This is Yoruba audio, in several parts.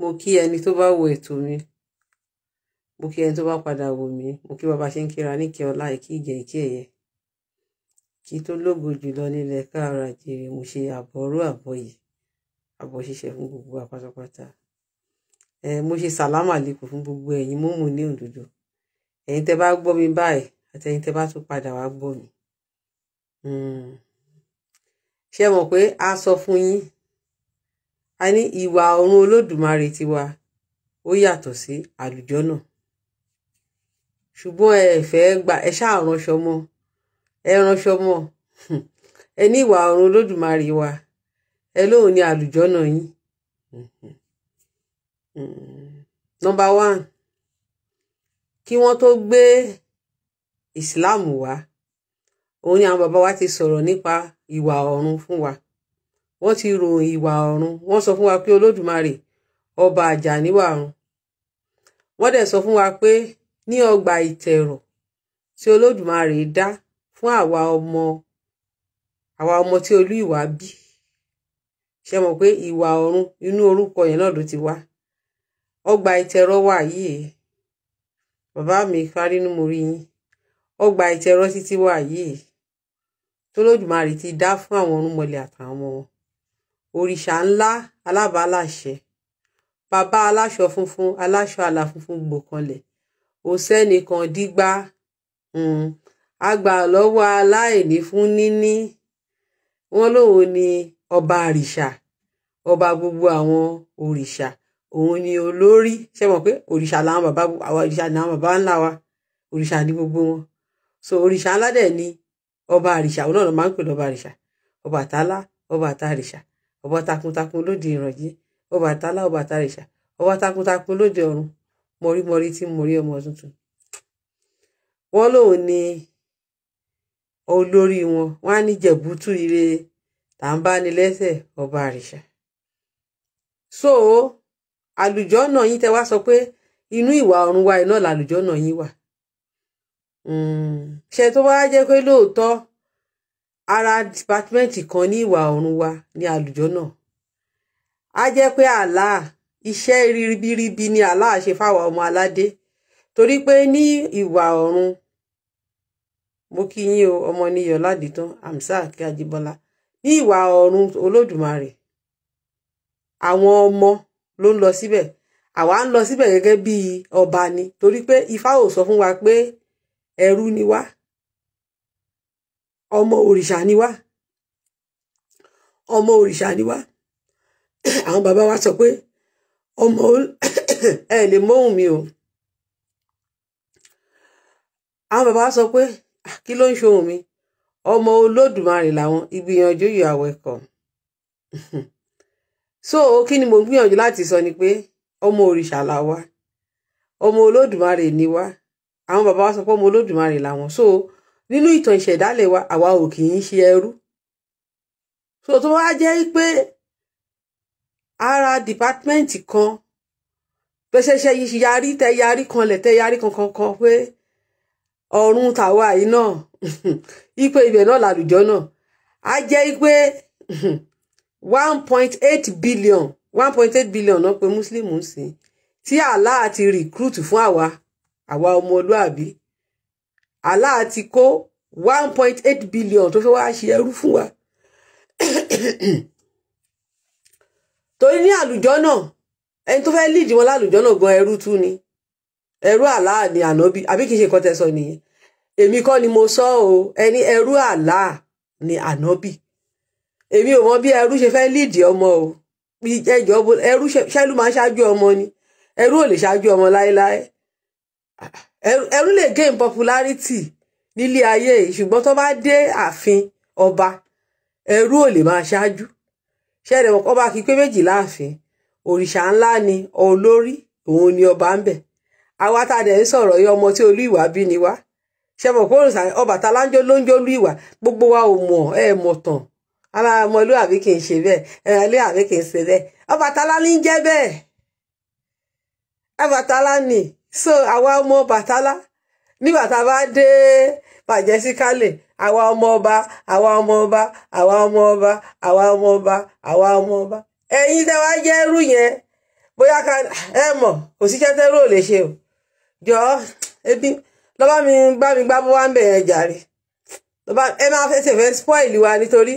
mo kí ẹni tó bá wo ètò mi mo kí ẹni tó bá padà wò mí mo kí bàbá ṣe ń kíra níkẹ ọlá ìkí ìjẹ ìkí ẹyẹ kí tó lógo jùlọ nílẹ̀ káàrà jèrè mo ṣe àbọrú àbọ yìí àbọ ṣíṣe fún gbogbo àpátápátá ẹ mo ṣe sàlámà lẹkọọ fún gbogbo ẹ̀yin mo ní òdodo ẹ̀yin tẹ́ bá gbọ́ mi báyìí àti ẹ̀yin tẹ́ bá tún padà wá gbọ́ mi hmm. ṣé mọ̀ pé a sọ fún yín a ní ìwà ọ̀run olódùmarè tiwa ó yàtọ̀ sí àlùjọ́nà ṣùgbọ́n ẹ fẹ́ gba ẹ ṣáà ránṣọ mọ́ ẹ ránṣọ mọ́ hmm. ẹ ní ìwà ọ̀run olódùmarè wa ẹ lóun ní àlùjọ́nà yín hmm. hmm. nọ́mbà one kí wọ́n tó gbé ìsìláàmù wá òun ni àwọn bàbá wa ti sọ̀rọ̀ nípa ìwà ọ̀run fún wa wọ́n ti ròyìn ìwà ọ̀run wọ́n sọ fún wa pé olódùmarè ọba àjà níwà ọ̀run wọ́n dẹ̀ sọ fún wa pé ní ọgbà ìtẹ̀rọ̀ tí olódùmarè dá fún àwa ọmọ àwa ọmọ tí olú ìwà bí ṣe mọ̀ pé ìwà ọ̀run inú orúkọ yẹn náà ló ti wá ọgbà ìtẹ̀rọ̀ wà yìí bàbá mi farínú mo yín ọgbà ìtẹ̀rọ̀ títí wà yìí tólódùmarè ti dá fún àwọn ọ̀rúnmọlẹ̀ àtàwọn wọn òrìṣà ńlá alábàáláṣẹ bàbá aláṣọ funfun aláṣọ àlà funfun gbòkanlẹ̀ òsẹ́nìkan dígbà um àgbà lọ́wọ́ aláìní fún níní wọn lòun ni ọba àrìṣà ọba gbogbo àwọn òrìṣà òun ni olórí ṣe mọ̀ pé òrìṣà làwọn bàbá àwọn òrìṣà ni àwọn bàbá ńlá wa òrìṣà ni gbogbo wọn so òrìṣà ńlá dẹ̀ ni ọba àrìṣà òun náà ló máa ń pè lọ́ba àrìṣà ọba àtàlá ọba àtàrìṣà ọba takuntakun lóde ìrànjí Ọbàtálá Ọbàtárìṣà ọba takuntakun lóde ọ̀run mọrímọrí tí mo rí ọmọ tuntun wọn lòun ni olórí wọn wọn á ní jẹbútú ire tá à ń bá ní lẹ́sẹ̀ ọba àrìṣà so àlùjọ náà yín tẹ wá sọ pé inú ìwà ọ̀run wa iná làlùjọ náà yín wà hmm, ṣe tó wá jẹ́ pé lóòótọ́ ara dìpátímẹ́ǹtì kan ní ìwà ọ̀run wa ní àlùjọ náà a jẹ́ pé Allah iṣẹ́ ribiribi ni Allah ṣe fáwọn ọmọ aládé torí pé ní ìwà ọ̀run mo kí yín o ọmọ níyọ ládìtán Hamzat kí Ajíbọ́lá ní ìwà ọ̀run Olódùmarè àwọn ọmọ ló ń lọ síbẹ̀ àwa ń lọ síbẹ̀ gẹ́gẹ́ bíi ọba ni torí pé Ifá ò sọ fún wa pé ẹrú ni wá ọmọ òrìṣà ni wá ọmọ òrìṣà ni wá àwọn bàbá wa sọ pé ọmọ ẹ lè mọ́hùn mi o àwọn bàbá wa sọ pé ah, kí ló ń ṣohùn mi ọmọ olódùmarè làwọn ìgbìyànjú yìí àwẹkọ so kí ni mo gbìyànjú láti sọ ni pé ọmọ òrìṣà là wá ọmọ olódùmarè ni wá àwọn bàbá wa sọ pé ọmọ olódùmarè làwọn so nínú ìtàn ìṣẹ̀dálẹ̀ wa àwa ò kì í ṣe ẹrú so tó wá jẹ́ pé ara dìpátmẹ́ǹtì kan pẹ́sẹ́sẹ́ yìí yarí tẹ yarí kanlẹ̀ tẹ yarí kankan kan pé ọ̀run tàwa yìí náà ipe ibẹ̀ náà làlùjọ́ náà á jẹ́ pé one point eight billion one point eight billion náà pé muslim ń sìn tí Allah ti recruit fún àwa àwa ọmọlúàbí Allah ti kó one point eight billion tó fẹ́ wá ṣe ẹrú fún wa torí ní àlùjọ náà ẹni tó fẹ́ lead wọn lálùjọ náà gan ẹrú tú ni ẹrú Allah ni ànábì àbí kì í ṣe nǹkan tẹ́ sọ nìyẹn èmi kọ́ ni mo sọ o ẹni ẹrú Allah ni ànábì èmi ò mọ bí ẹrú ṣe fẹ́ lead ọmọ o ẹjọ ẹrú ṣẹlú máa ṣáájú ọmọ ni ẹrú ò lè ṣáájú ọmọ láéláé ẹrú lè gain popularity nílé ayé yìí ṣùgbọ́n tó bá dé ààfin ọba ẹrú ò lè máa ṣáájú ṣẹ́ẹ̀dẹ̀ ọba kì í pé méjì láàfin òrìṣà ńlá ni olórí òun ni ọba ń bẹ̀ àwa tá a dẹ̀ ń sọ̀rọ̀ yìí ọmọ tí olú ìwà bí ni wá ṣe mọ̀ pé òrìṣà Ọbàtálá ló ń jó ìwà gbogbo wa ò mọ̀ ẹ mọ̀ tàn ara ọmọlúwàbí kì í ṣe bẹ́ẹ̀ ẹ̀rẹ́lẹ́wàbí kì í ṣe bẹ́ẹ̀ Ọbàtálá ní jẹ́ bẹ́ẹ̀ Ọbàtálá ni so àwa ọmọ bàtálá nígbà tá a bá dé bàjẹ́ sí kálẹ̀ àwa ọmọ ọba àwa ọmọ ọba àwa ọmọ ọba àwa ọmọ ọba àwa ọmọ ọba ẹ̀yin tẹ́ wá jẹ́ irú yẹn bóyá ká ẹ mọ̀ kò sí kẹ́tẹ́ rò lè ṣe o jọ ebi lọ́ba mi gbá mi gbá bó wá ń bẹ̀yẹn jàre lọ́ba ẹ máa fẹ́ tẹ̀fẹ́ spoil wa nítorí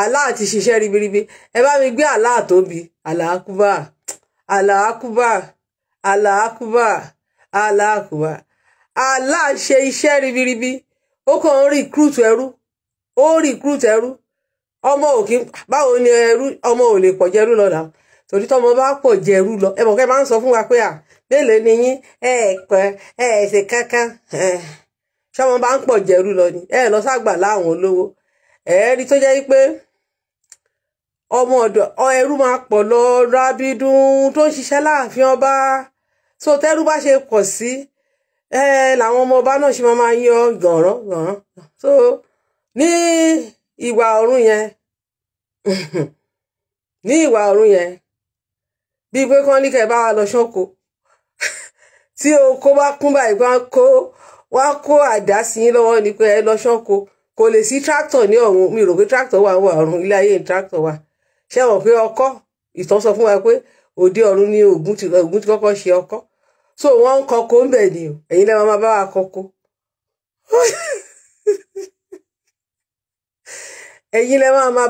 Allah ti ṣiṣẹ́ ribiribi ẹ bá mi gbé Allah tóbi Allah akúbà Allah akúbà. ala aláàkúbà ala ṣe iṣẹ́ ribiribi ó kàn ń recruit ẹrú ó recruit ẹrú ọmọ òkè báwo ni ẹrú ọmọ ò lè pọ jẹrú lọ là torí tọmọ bá pọ jẹrú lọ ẹ ma kẹ́ máa ń sọ fún wa pé à ni yín ẹ pẹ ẹ ṣe kankan ṣọmọ bá ń jẹrú lọ ni ẹ lọ ságbà láwọn olówó ẹ rí tó pé ọmọ ọ̀dọ̀ ẹrú máa pọ̀ lọ Rabidun tó ń ṣiṣẹ́ láàfin ọba so tẹ́rú bá ṣe pọ̀ sí làwọn ọmọ ọba náà ṣe máa máa yan gànrán gànrán so ní ìwà ọ̀run yẹn ní ìwà ọ̀run yẹn bíi pé kán ní kẹ́ bá wa lọ ṣọ́kò tí oko bá kún báyìí bá kó wá kó àdá sí yín lọ́wọ́ ni pé ẹ lọ ṣọ́kò kò lè sí tractor ní ọ̀run mi rò pé tractor wà wà ọ̀run ilé ayé tractor wà. ṣé àwọn pé ọkọ ìtàn sọ fún wa pé òde ni Ògún ti ṣe ọkọ so wọ́n ń kọkọ ń bẹ̀ ni o ẹ̀yin máa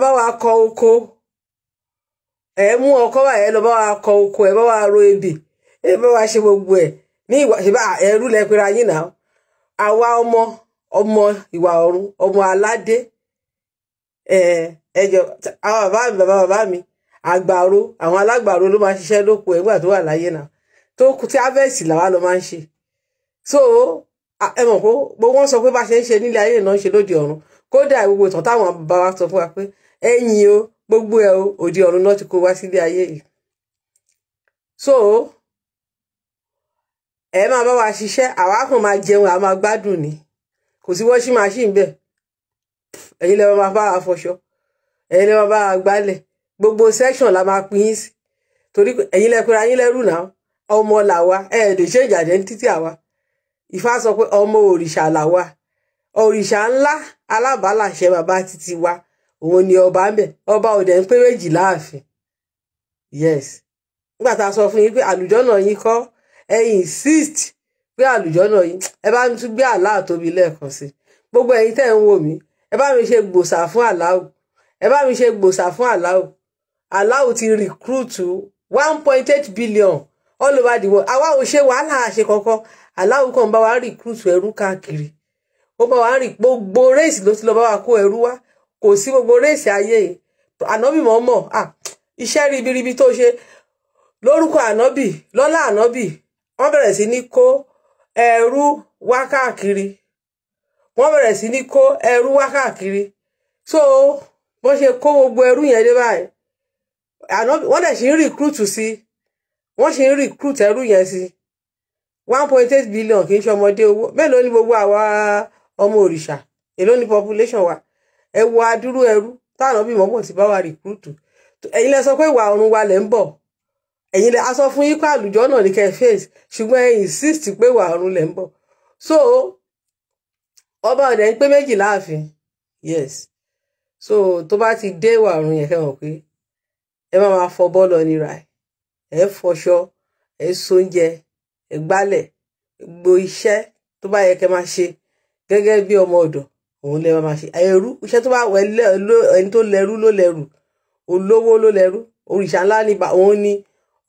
bá wa kọ oko ọkọ wa ẹ lọ bá wa kọ oko ẹ bá wa ro ebè gbogbo ní ìwà ṣe bá ẹrú náà ọmọ ọmọ ìwà ọ̀run ọmọ aládé ẹjọ àwọn bàbá mi bàbá bàbá mi àgbàro àwọn alágbàro ló máa ṣiṣẹ́ lóko ẹgbà tó wà láyé náà tó kù tí harvest làwa lọ máa ń ṣe so ẹ mọ̀ pé gbogbo wọn sọ pé bá ṣe ń ṣe nílé ayé náà ń ṣe lóde ọ̀run kódà gbogbo ìtàn táwọn bàbá wa sọ fún wa pé ẹ̀yin o gbogbo ẹ o òde ọ̀run náà ti kó wá sílé ayé yìí so ẹ máa bá wa ṣiṣẹ́ àwa kàn máa jẹun àá máa ni kò sí wọ́ṣí machine bẹ́ẹ̀ ẹ̀yin lè máa bá wa fọṣọ ẹ̀yin gbogbo section la máa pín sí torí ẹ̀yin lè pera lẹ́rù ọmọ làwa ẹ̀ ṣe ìjàdẹ́ ní títí àwa Ifá sọ pé ọmọ òrìṣà làwa òrìṣà ńlá alábàálàṣẹ bàbá títí wa òun ni ọba ń ọba òdẹ ń pé méjì láàfin sọ fún yín pé àlùjọ́nà yín kọ́ ẹ insist pé àlùjọ́nà yín ẹ bá mi ṣe gbòòsà fún aláwù ẹ bá mi ṣe gbòòsà fún aláwù aláwù ti rìkúrútù one point eight billion all over the world àwa ò ṣe wàhálà àṣe kankan aláwù kan bá wa rìkúrútù ẹrú káàkiri ó bá wa rìn gbogbo réèsì ló ti lọ bá wa kó ẹrú wá kò sí gbogbo réèsì ayé yìí ànábì mọ́ mọ́ ah iṣẹ́ ribiribi tó ṣe lórúkọ ànábì lọ́lá ànábì wọ́n bẹ̀rẹ̀ sí ní kó ẹrú wá káàkiri wọ́n bẹ̀rẹ̀ sí ní kó ẹrú wá káàkiri so bó ṣe kó gbogbo ẹrú yẹn dé báyìí wọ́n dẹ̀ ṣì ń rìkúrùtù sí wọ́n ṣì ń rìkúrùtù ẹrú yẹn sí one point eight billion kì í ṣe ọmọdé owó mélòó ni gbogbo àwa ọmọ òrìṣà èló ni population wa ẹ wo adúrú ẹrú táwọn bímọ pọ̀ ti bá wa rìkúrùtù ẹ̀yin lẹ sọ pé ìwà ọ̀run wa lẹ̀ ń bọ̀ ẹ̀yin lẹ a sọ fún yín pé àlùjọ náà ní kẹ́ ṣùgbọ́n ẹ insist pé ìwà ọ̀run lẹ̀ ń bọ̀ so ọba ọdẹ ń pé méjì láàfin yes so tó bá ti dé ìwà ọ̀run yẹn kẹwọn pé ẹ má máa fọ bọ́ọ̀lù ọ̀nira ẹ fọṣọ ẹ sóúnjẹ ẹ gbálẹ̀ gbogbo iṣẹ́ tó bá yẹ kẹ máa ṣe gẹ́gẹ́ bí ọmọ ọ̀dọ̀ òun lẹ máa ṣe ẹrú iṣẹ́ tó bá wẹ ẹni tó lẹ́rú ló lẹ́rú olówó ló lẹ́rú òrìṣà ńlá ni òun ni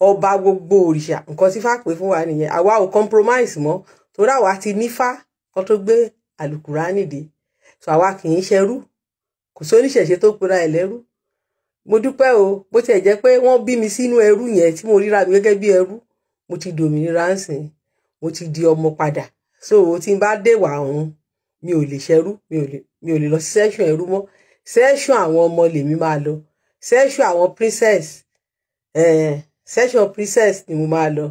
ọba gbogbo òrìṣà nǹkan tí fà pé fún wa nìyẹn àwa ò compromise mọ́ torí àwa ti nífà kan tó gbé alukurani dé so àwa kì í ṣẹrú kò sóníṣẹ̀ṣe tó pera ẹ̀ lẹ́rú mo dúpẹ́ o bó tiẹ̀ jẹ́ pé wọ́n bí mi sínú ẹrú yẹn tí mo ríra mi gẹ́gẹ́ bí ẹrú mo ti dòmìnira ń sìn mo ti di ọmọ padà so tí n bá dèwà ọ̀hún mi ò lè ṣẹrú mi ò lè mi ò lè lọ sí sẹ́ṣọ̀n ẹrú mọ́ sẹ́ṣọ̀n àwọn ọmọ lèmi máa lọ sẹ́ṣọ̀n àwọn princess eh, sẹ́ṣọ̀n princess ni mo máa lọ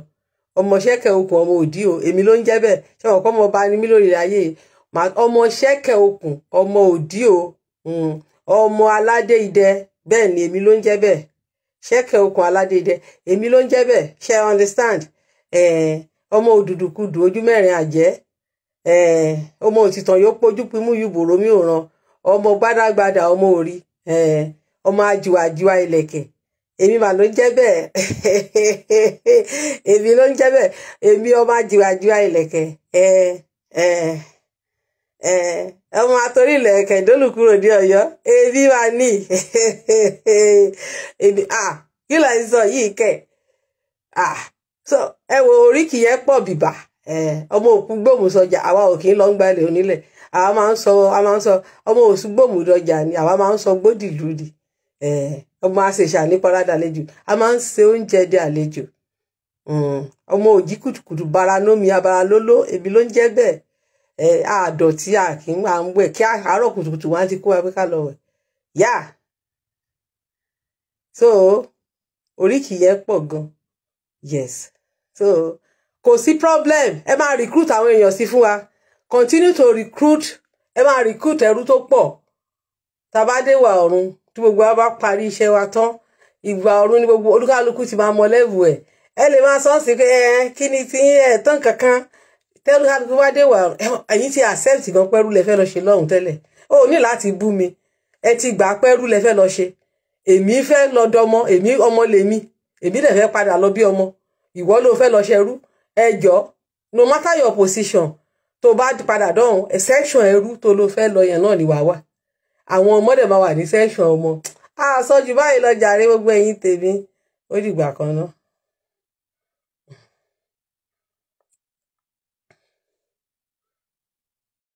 ọmọ ṣẹ́kẹ̀ okùn ọmọ òdì o èmi ló ń jẹ́ bẹ́ẹ̀ ṣé ọ̀kọ́ ọmọ ọba ni mí lórí ayé ọmọ ṣẹ́kẹ̀ okùn ọmọ òdí o mm, ọmọ aládé idẹ ni èmi ló ń jẹ́ bẹ́ẹ̀ ṣẹ́kẹ̀ okùn aládé idẹ èmi ló ń jẹ́ bẹ́ẹ̀ ṣe understand ọmọ òdùdùkudù ojú mẹrin àjẹ ọmọ òtítàn yóò pójú pimú yùbòrò mi ò ràn ọmọ gbádágbádá ọmọ ọmọ èmi mà ló ń èmi ló ń ẹ eh, ọmọ ilẹ̀ kẹ̀dọ́lù kúrò ní ọ̀yọ́ ebi wa ní à kí ló ń sọ yìí kẹ̀ so ẹ wo kì yẹn pọ̀ bìbà eh, ọmọ òkú àwa ò kì onílẹ̀ àwa máa sọ ọmọ ni àwa máa sọ eh, ọmọ àṣẹṣà a máa ń se oúnjẹ dé hmm, ọmọ òjì kùtùkùtù àdọ̀tí àkì ń wẹ̀ kí àárọ̀ kùtùkùtù wọn ti kó wa pé ká lọ wẹ̀ yá so oríkì yẹn pọ̀ gan yes so kò sí problem ẹ máa recruit àwọn èèyàn sí fún wa continue to recruit ẹ máa recruit ẹrú tó pọ̀ tàbádéwà ọ̀run tí gbogbo wa bá parí iṣẹ́ wa tán ìgbà ọ̀run ni gbogbo olúkálukú ti máa mọ lẹ́wù ẹ̀ ẹ lè máa sọ ọ́ sí pé ẹ kí ni ti ẹ̀ tán kankan tẹ́lú kálukú bá dé wà ẹ̀yìn ti accept gan pẹ́rú lẹ fẹ́ lọ ṣe lọ́hùn tẹ́lẹ̀ ó ní láti bú mi ẹ ti gbà pẹ́rú lẹ fẹ́ lọ ṣe èmi fẹ́ lọ dọmọ èmi ọmọ lèmi èmi dẹ̀ fẹ́ padà lọ bí ọmọ ìwọ ló fẹ́ lọ ṣẹrú ẹjọ́ no matter your position tó bá padà dọ̀hún section ẹrú tó ló fẹ́ lọ yẹn náà ni wàá wà àwọn ọmọ dẹ̀ máa wà ní section ọmọ àsọjù báyìí lọ jàre gbogbo ẹ̀yin tèmi ó dìgbà kan náà.